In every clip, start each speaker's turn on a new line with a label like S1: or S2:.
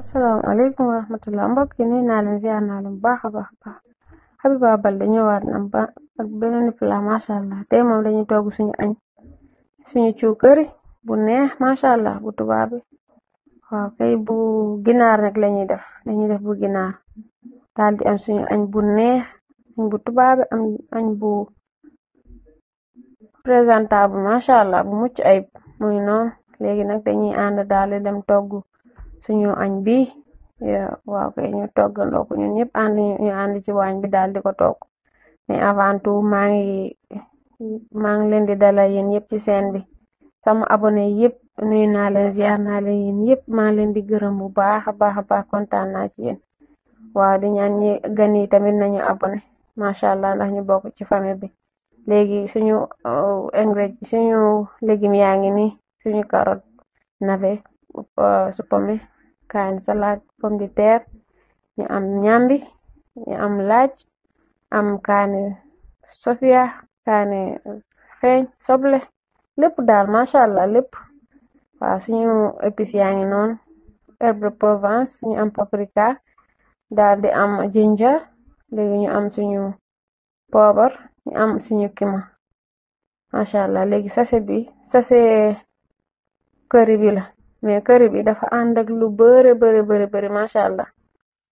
S1: asalaamaaleykum wa rahmatulah mbokk yi nuyu naa leen ziar naa leen bu baax a baax a baax Habiba na ba ak beneen plat macha allah tey moom dañuy togg suñu añ suñu cuukari bu neex macha allah bu tubaabi waaw kay bu ginaar nag lañuy def dañuy def bu ginaar daal am suñu añ bu neex añ bu tubaabi am añ bu présentable macha allah bu mucc ayib muy noonu léegi nag dañuy ànd daal dem toggu suñu añ bi waaw kay ñu toggandoo ko ñun ñëpp ànd ñu ànd ci waañ bi daal di ko toog mais avant tout maa ngi maa ngi leen di dalal yéen yëpp ci seen bi sama abonné yëpp nuyu naa leen ziar naa leen yéen yëpp maa leen di gërëm bu baax a baax a baax naa ci yéen waaw di ñaan ñi gan yi tamit nañu abonné macha allah ndax ñu bokk ci famille bi léegi suñu ingrédients euh, suñu légumes yaa ngi ni suñu carotte navet supame pomme salad pomme de terre ñu am ñambi ñu am laaj am kaani sofia kaani feeñ soble lépp daal masha allah lépp waaw suñu épices yaa ngi noonu herbe de Provence ñu am paprika daal di am ginger léegi ñu am suñu poobar ñu am suñu kima masha allah léegi sase bi sase curry bi la mais curry bi dafa ànd ak lu bëre bëre bëre bëri macha allah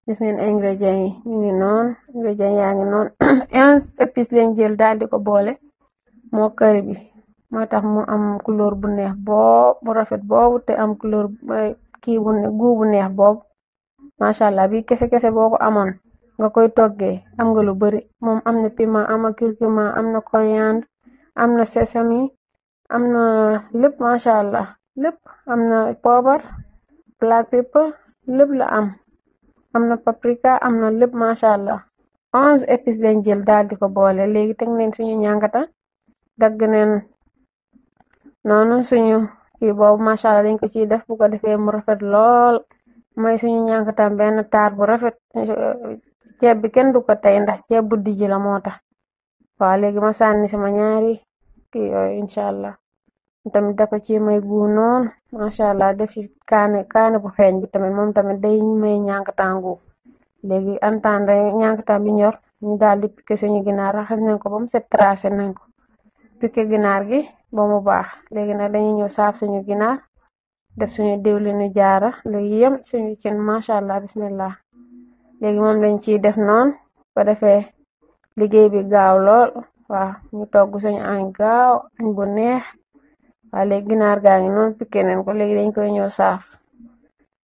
S1: gis ngeen ingrédients yi ñu ngi noonu ingrédients yaa ngi noonu onze épices lañ jël daal di ko boole moo curry bi moo tax mu am couleur bu neex boobu bu rafet boobu te am couleur eh, kii bu bu neex boobu macha allah bi kese kese boo ko amoon nga koy toggee am nga lu bëri moom am na piment am na curcuma am na coriandre am na sesame am na lépp macha allah. Lip amna poobar black pepper lëpp la am am na paprika am na lëpp macha allah onze épices jël daal di ko boole léegi teg neen suñu ñàngata dagg neen noonu suñu kii boobu macha allah dañ ko ciy def bu ko defee mu rafet lool mooy suñu ñàngatam benn taar bu rafet ceeb bi kenn du ko tey ndax ceeb bu dijji la moo tax waaw léegi ma sànni sama ñaari kii yooyu incha allah tamit dafa ci may gu noonu macha allah def ci kaane kaane bu xeeñ bi tamit moom tamit day may ñànkataangu léegi antendre ñànkataan bi ñor ñu daal di piqué suñu ginaar raxas nañ ko ba mu set tracé nañ ko piqué ginaar gi ba mu baax léegi nag dañuy ñëw saaf suñu ginaar def suñu diwlinu jaara léegi yem suñu cin macha allah bismillah léegi moom lañ ciy def noonu ba defee liggéey bi gaaw lool waaw ñu togg suñu añ gaaw añ bu neex Waale ginaar gaa ngi noonu pikkee neen ko léegi dañ koy ñoo saaf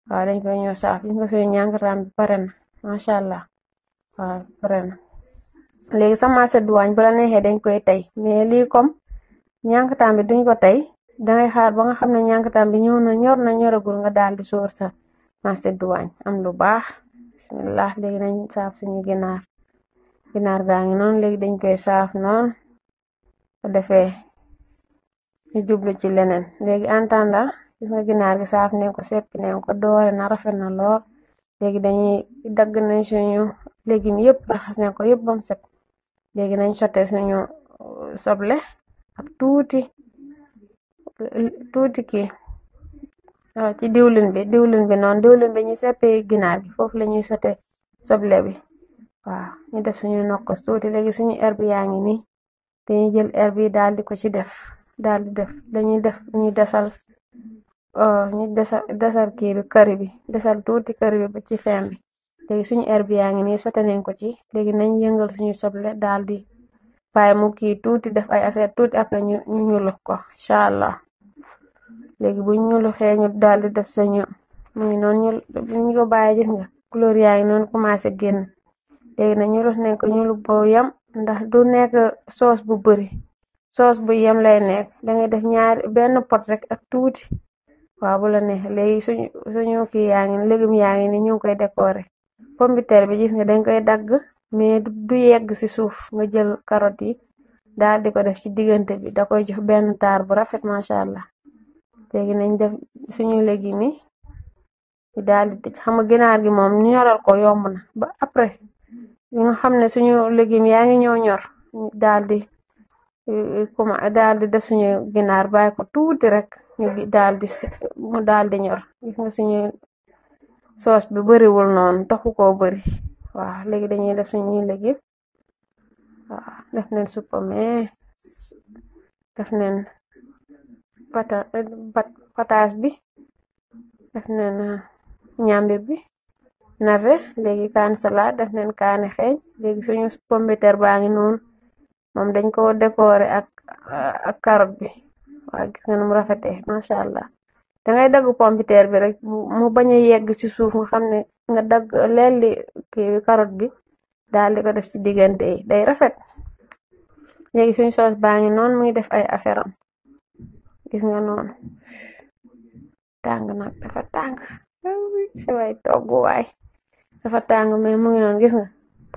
S1: waaw dañ koy ñoo saaf gis nga suñu ñàngaram bi pare na allah waaw pare na léegi sa marché bu la neexee dañ koy tey mais lii comme ñànkataan bi duñ ko tey dangay xaar ba nga xam ne ñànkataan bi ñëw na ñor na ñoragul nga daal di sóor sa marché duwaañ am lu baax bismillah léegi dañ saaf suñu ginaar ginaar gaa ngi noonu léegi dañ koy saaf noon ko defee ñu jublu ci leneen léegi entendre gis nga ginaar gi saaf nañ ko seppi nañ ko doore na rafet na lool léegi dañuy dagg nañ suñu légume yëpp raxas nañ ko yëpp bam set léegi nañ sotte suñu uh, soble ak tuuti tuuti kii waaw uh, ci diwlin bi diwlin bi noonu diwlin bi seppee ginaar gi foofu la sotte soble bi waaw ñu def suñu nokkos tuuti léegi suñu herbe yaa ngi nii dañuy jël herbe daal di ko ci def daal di def dañuy def euh, ñu desal ñu desal kii bi kari bi desal tuuti kari ba ci fin bi léegi suñu air bi yaa ngi nii sote ci léegi nañ yëngal suñu soble daal di bàyyi mu kii tuuti def ay affaire tuuti après ñu ñulux ko incha allah léegi bu ñuluxee ñu daal di def suñu mu ngi noon ñu ko bàyyi gis nga couleur yaa ngi noonu commencé génn légi na ñulux nañ ko ñulu bo ndax du nekk soos bu bëri soos bu yem lay nekk dangay def ñaar benn pot rek ak tuuti waaw bu la neex léegi suñu suñu kii yaa ngi légume yaa ngi ni ñu ngi koy décorer pombiteer bi gis nga dañ koy dagg mais du yegg ci suuf nga jël carotte yi daal di ko def ci diggante bi da koy jox benn taar bu rafet macha allah léegi nañ def suñu légume yi daal xam nga ginaar gi moom ñoral ko yomb na ba après nga xam ne suñu légume yaa ngi ñëw ñor daal comme eh, daal di def suñu ginaar bàyyi ko tuuti rek ñu daal di mu daal di ñor gis nga suñu soos bi bëriwul noonu taxu koo bëri waaw léegi dañuy def suñuy léegi waaw def neen suppome def neen pata pataas bi def neen eh, ñambi bi nave léegi kaani salade def neen kaani xeeñ léegi suñu pombiteer baa ngi noonu moom dañ ko décorer ak carotte bi waa gis nga num rafete macha allah dangay dagg pompiteer bi rek mu bañ a yegg ci suuf nga xam ne nga dagg lelli kii carotte bi daal di ko def ci diggante yi day rafet léegi suñ soos baa ngi noonu muy def ay affaire am gis nga noonu tàng nag dafa tàng waay togg dafa tàng mais mu ngi noonu gis nga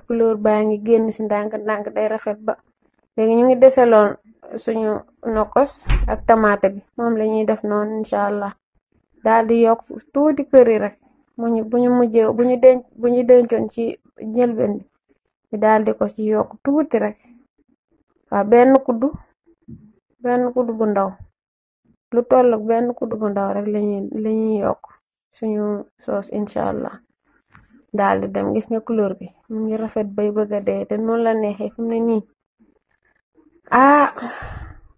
S1: couleur baa ngi génn ci ndànk ndànk day rafet ba léegi ñu ngi deseloon suñu nokos ak tamaate bi moom la ñuy def noonu incha allah daal di yokk tuuti këri rek muñu buñu mujjee buñu denc buñu dencoon ci njëlbeen bi ñu daal di ko ci yokk tuuti rek waaw benn kuddu benn kuddu bu ndaw lu tollook benn kuddu bu ndaw rek lañuy lañuy yokk suñu soos incha allah daal di dem gis nga couleur bi mu ngi rafet bay bëgga dee te noonu la neexee fi ne nii ah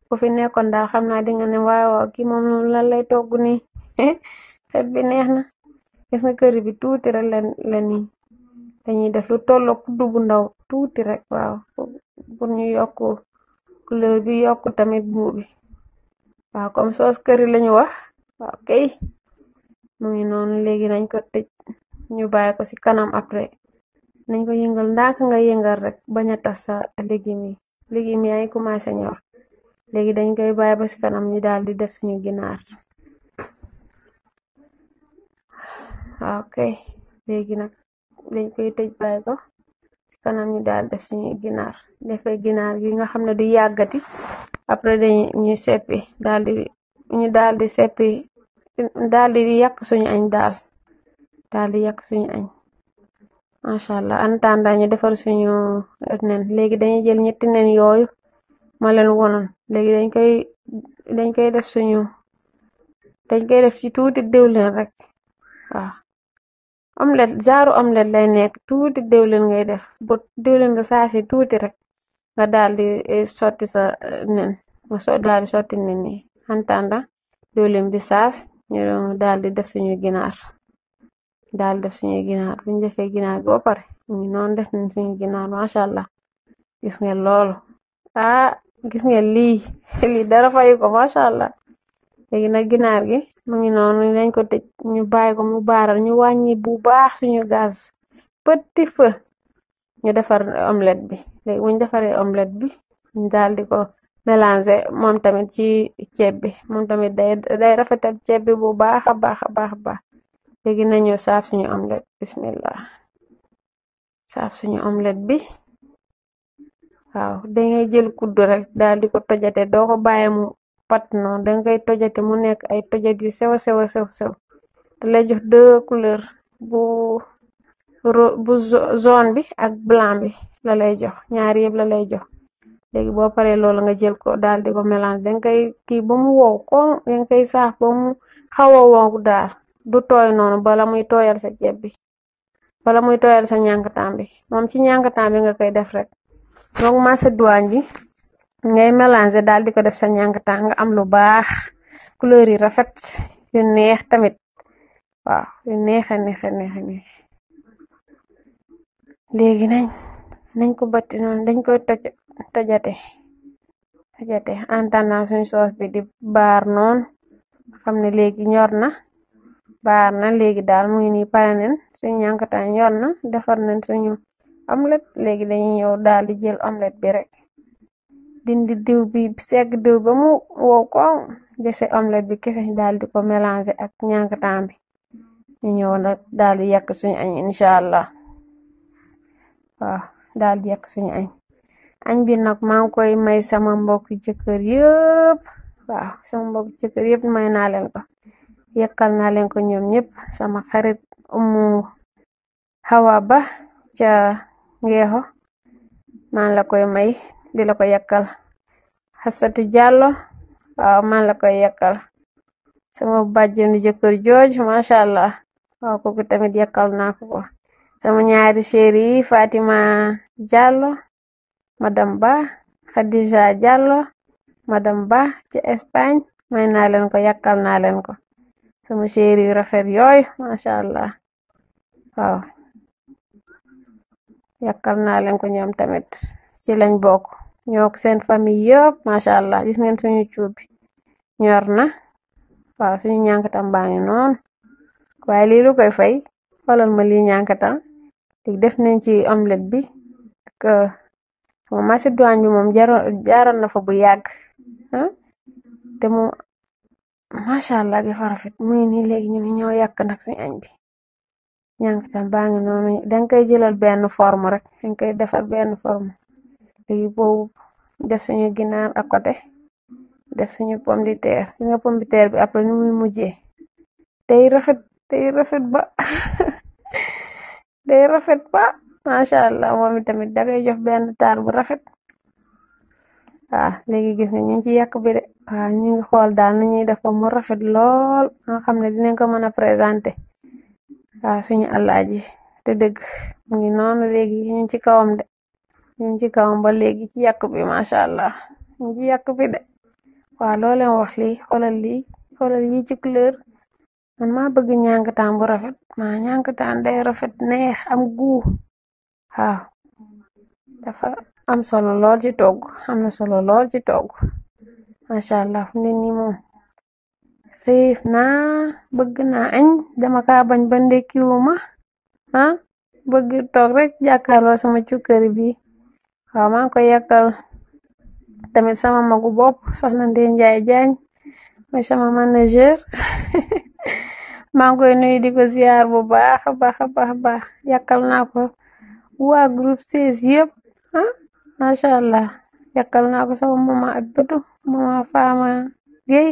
S1: ku fi nekkoon daal xam naa di nga ne waaw ki moom lan lay togg nii bi neex na gis nga kër bi tuuti rek la la nii dañuy def lu tolloo kuddu bu ndaw tuuti rek waaw pour ñu yokk couleur bi yokk tamit goût bi waaw comme sauce curry lañu wax waaw kay mu ngi noonu léegi nañ ko tëj ñu bàyyi ko kanam après nañ ko yëngal ndànk nga yëngal rek bañ a tas légumes yi commencé ñu wax légui dañ koy baye ba ci kanam ñu dal di def suñu ginaar ok légui nak dañ koy tej baye ko ci kanam ñu dal def suñu ginaar defé ginaar yi nga xamné du yagati après dañ ñu seppi dal di ñu dal di seppi dal di yak suñu añ dal dal di yak suñu añ macha allah en attendant ñu defar suñu nen léegi dañuy jël ñetti nen yooyu ma leen wonoon léegi dañ koy dañ koy def suñu dañ koy def ci tuuti diwlin rek waaw omelette genre omelette lay nekk tuuti diwlin ngay def bu diwlin bi saa si tuuti rek nga daal di eh, sotti sa eh, nen nga so sotti nen yi en attendant diwlin bi saas ñu daal di def suñu ginaar. daal def suñuy ginaar buñ defee ginaar bi ba pare ñu noonu def nañ suñu ginaar macha allah gis ngeen loolu ah gis ngeen lii lii dara fayu ko allah léegi nag ginaar gi mu ngi noonu dañ ko tëj ñu bàyyi ko mu baaral ñu wàññi bu baax suñu gaz petit feu ñu defar omelette bi léegi buñ defaree omelette bi ñu daal mélanger moom tamit ci ceeb bi moom tamit day day rafetal ceeb bi bu baax a baax a Légi nañu saaf suñu omlet bismila saaf suñu omlet bi waaw dangay jël kuddu rek daal di ko tojate doo ko bàyyi mu pat noonu dangay tojate mu nekk ay tojat yu sew sew sew sew te jox deux couleur bu bu zone bi ak blanc bi la lay jox ñaari yëpp la lay jox léegi boo paree loolu nga jël ko daal di ko mélange dangay kii ba mu wow ko dangay saaf ba mu xaw a wow du toy non, bala muy toyal sa jeb bi bala muy toyal sa ñànktaan bi mom ci ñànktaan bi nga koy def rek donc masa duwaañ bi ngay mélanger dal diko def sa bah, nga am lu bax couleur yi rafet yu neex tamit waaw yu neex a neex a neex neex léegi nañ nañ ko batti non dañ koy toj tojate tojate en attendant suñ bi di bar non xamne ne na baar na léegi daal mu ngi ni pare neen suñ ñankatan yoon na defar neen suñu omlet léegi dañu ñëw daal di jël omlet bi rek dindi diw bi segg diw ba mu wow ko dese omlet bi kese daal di ko mélanger ak ñankatan bi ñu ñëw nag daal di yàq suñu añ allah waaw daal di yàq suñu añ bi nag maa koy may sama mbokk jëkkër yëpp waaw sama mbokk jëkkër yëpp may naa leen ko yakal na len ko ñom ñep sama xarit umu hawa ba ca ngeho man la koy may di la ko yakal hasatu jallo waaw man la koy yakal sama bàjjenu joj ma sha allah waaw ko tamit yakal na ko sama ñaari chéri fatima Jaloh madame ba khadija Madamba madame ba ci espagne may na len ko yakal na len ko sama chéri yu rafet yooy macha allah waaw yàkkal naa leen ko ñoom tamit ci lañ bokk ñoo seen famille yëpp macha allah gis ngeen suñu cuubi ñor na waaw suñu ñànkatan baa ngi noonu waaye lii koy fay xoolal ma lii ñànkatan di def nañ ci omelette bi que sama macédoine bi moom jaaroon fa bu yàgg te moom macha allah gi farafet muy ni legi ñu ngi ñoo yak nak suñu añ bi ñànk tam baa ngi noonu koy jëlal benn forme rek dañ koy defal benn forme léegi boobu def suñu ginaar ak côté def suñu pomme de terre li nga pomme de terre bi après ni muy mujjee day rafet day rafet ba day rafet ba macha allah moom itamit da ngay jox benn taar bu rafet waa ah, léegi gis na ñu ci yàq bi de waa ah, ñu ngi xool daal na ñuy def ba mu rafet lool nga xam ne dinañ ko mën a présenté waa ah, suñu àllaaji te dëgg mu ngi noonu léegi ñu ci kawam de ñu ci kawam ba léegi ci yàq bi macha allah ñu ci yàq bi de waa loo leen wax lii xoolal lii xoolal yi ci couleur man maa bëgg ñànkataan bu rafet maa ñànkataan day rafet neex am guu waaw am solo ci togg am na solo lol ci togg machallah allah ni ne nii na bëgg na añ dama ka bañ ba ndekkiwuma ah bëgg toog rek jàkkaarloo sama cukkër bi waaw maa ko yàkkal tamit sama magu bopp soxna Ndeye Ndiaye Diagne ma sama manager maa ngi koy nuyu di ko ziar bu baax a baax a baax baax yàkkal naa ko waa groupe 16 yëpp ah macha allah yàkkal naa ko sama mama ak bëtu mama faama géey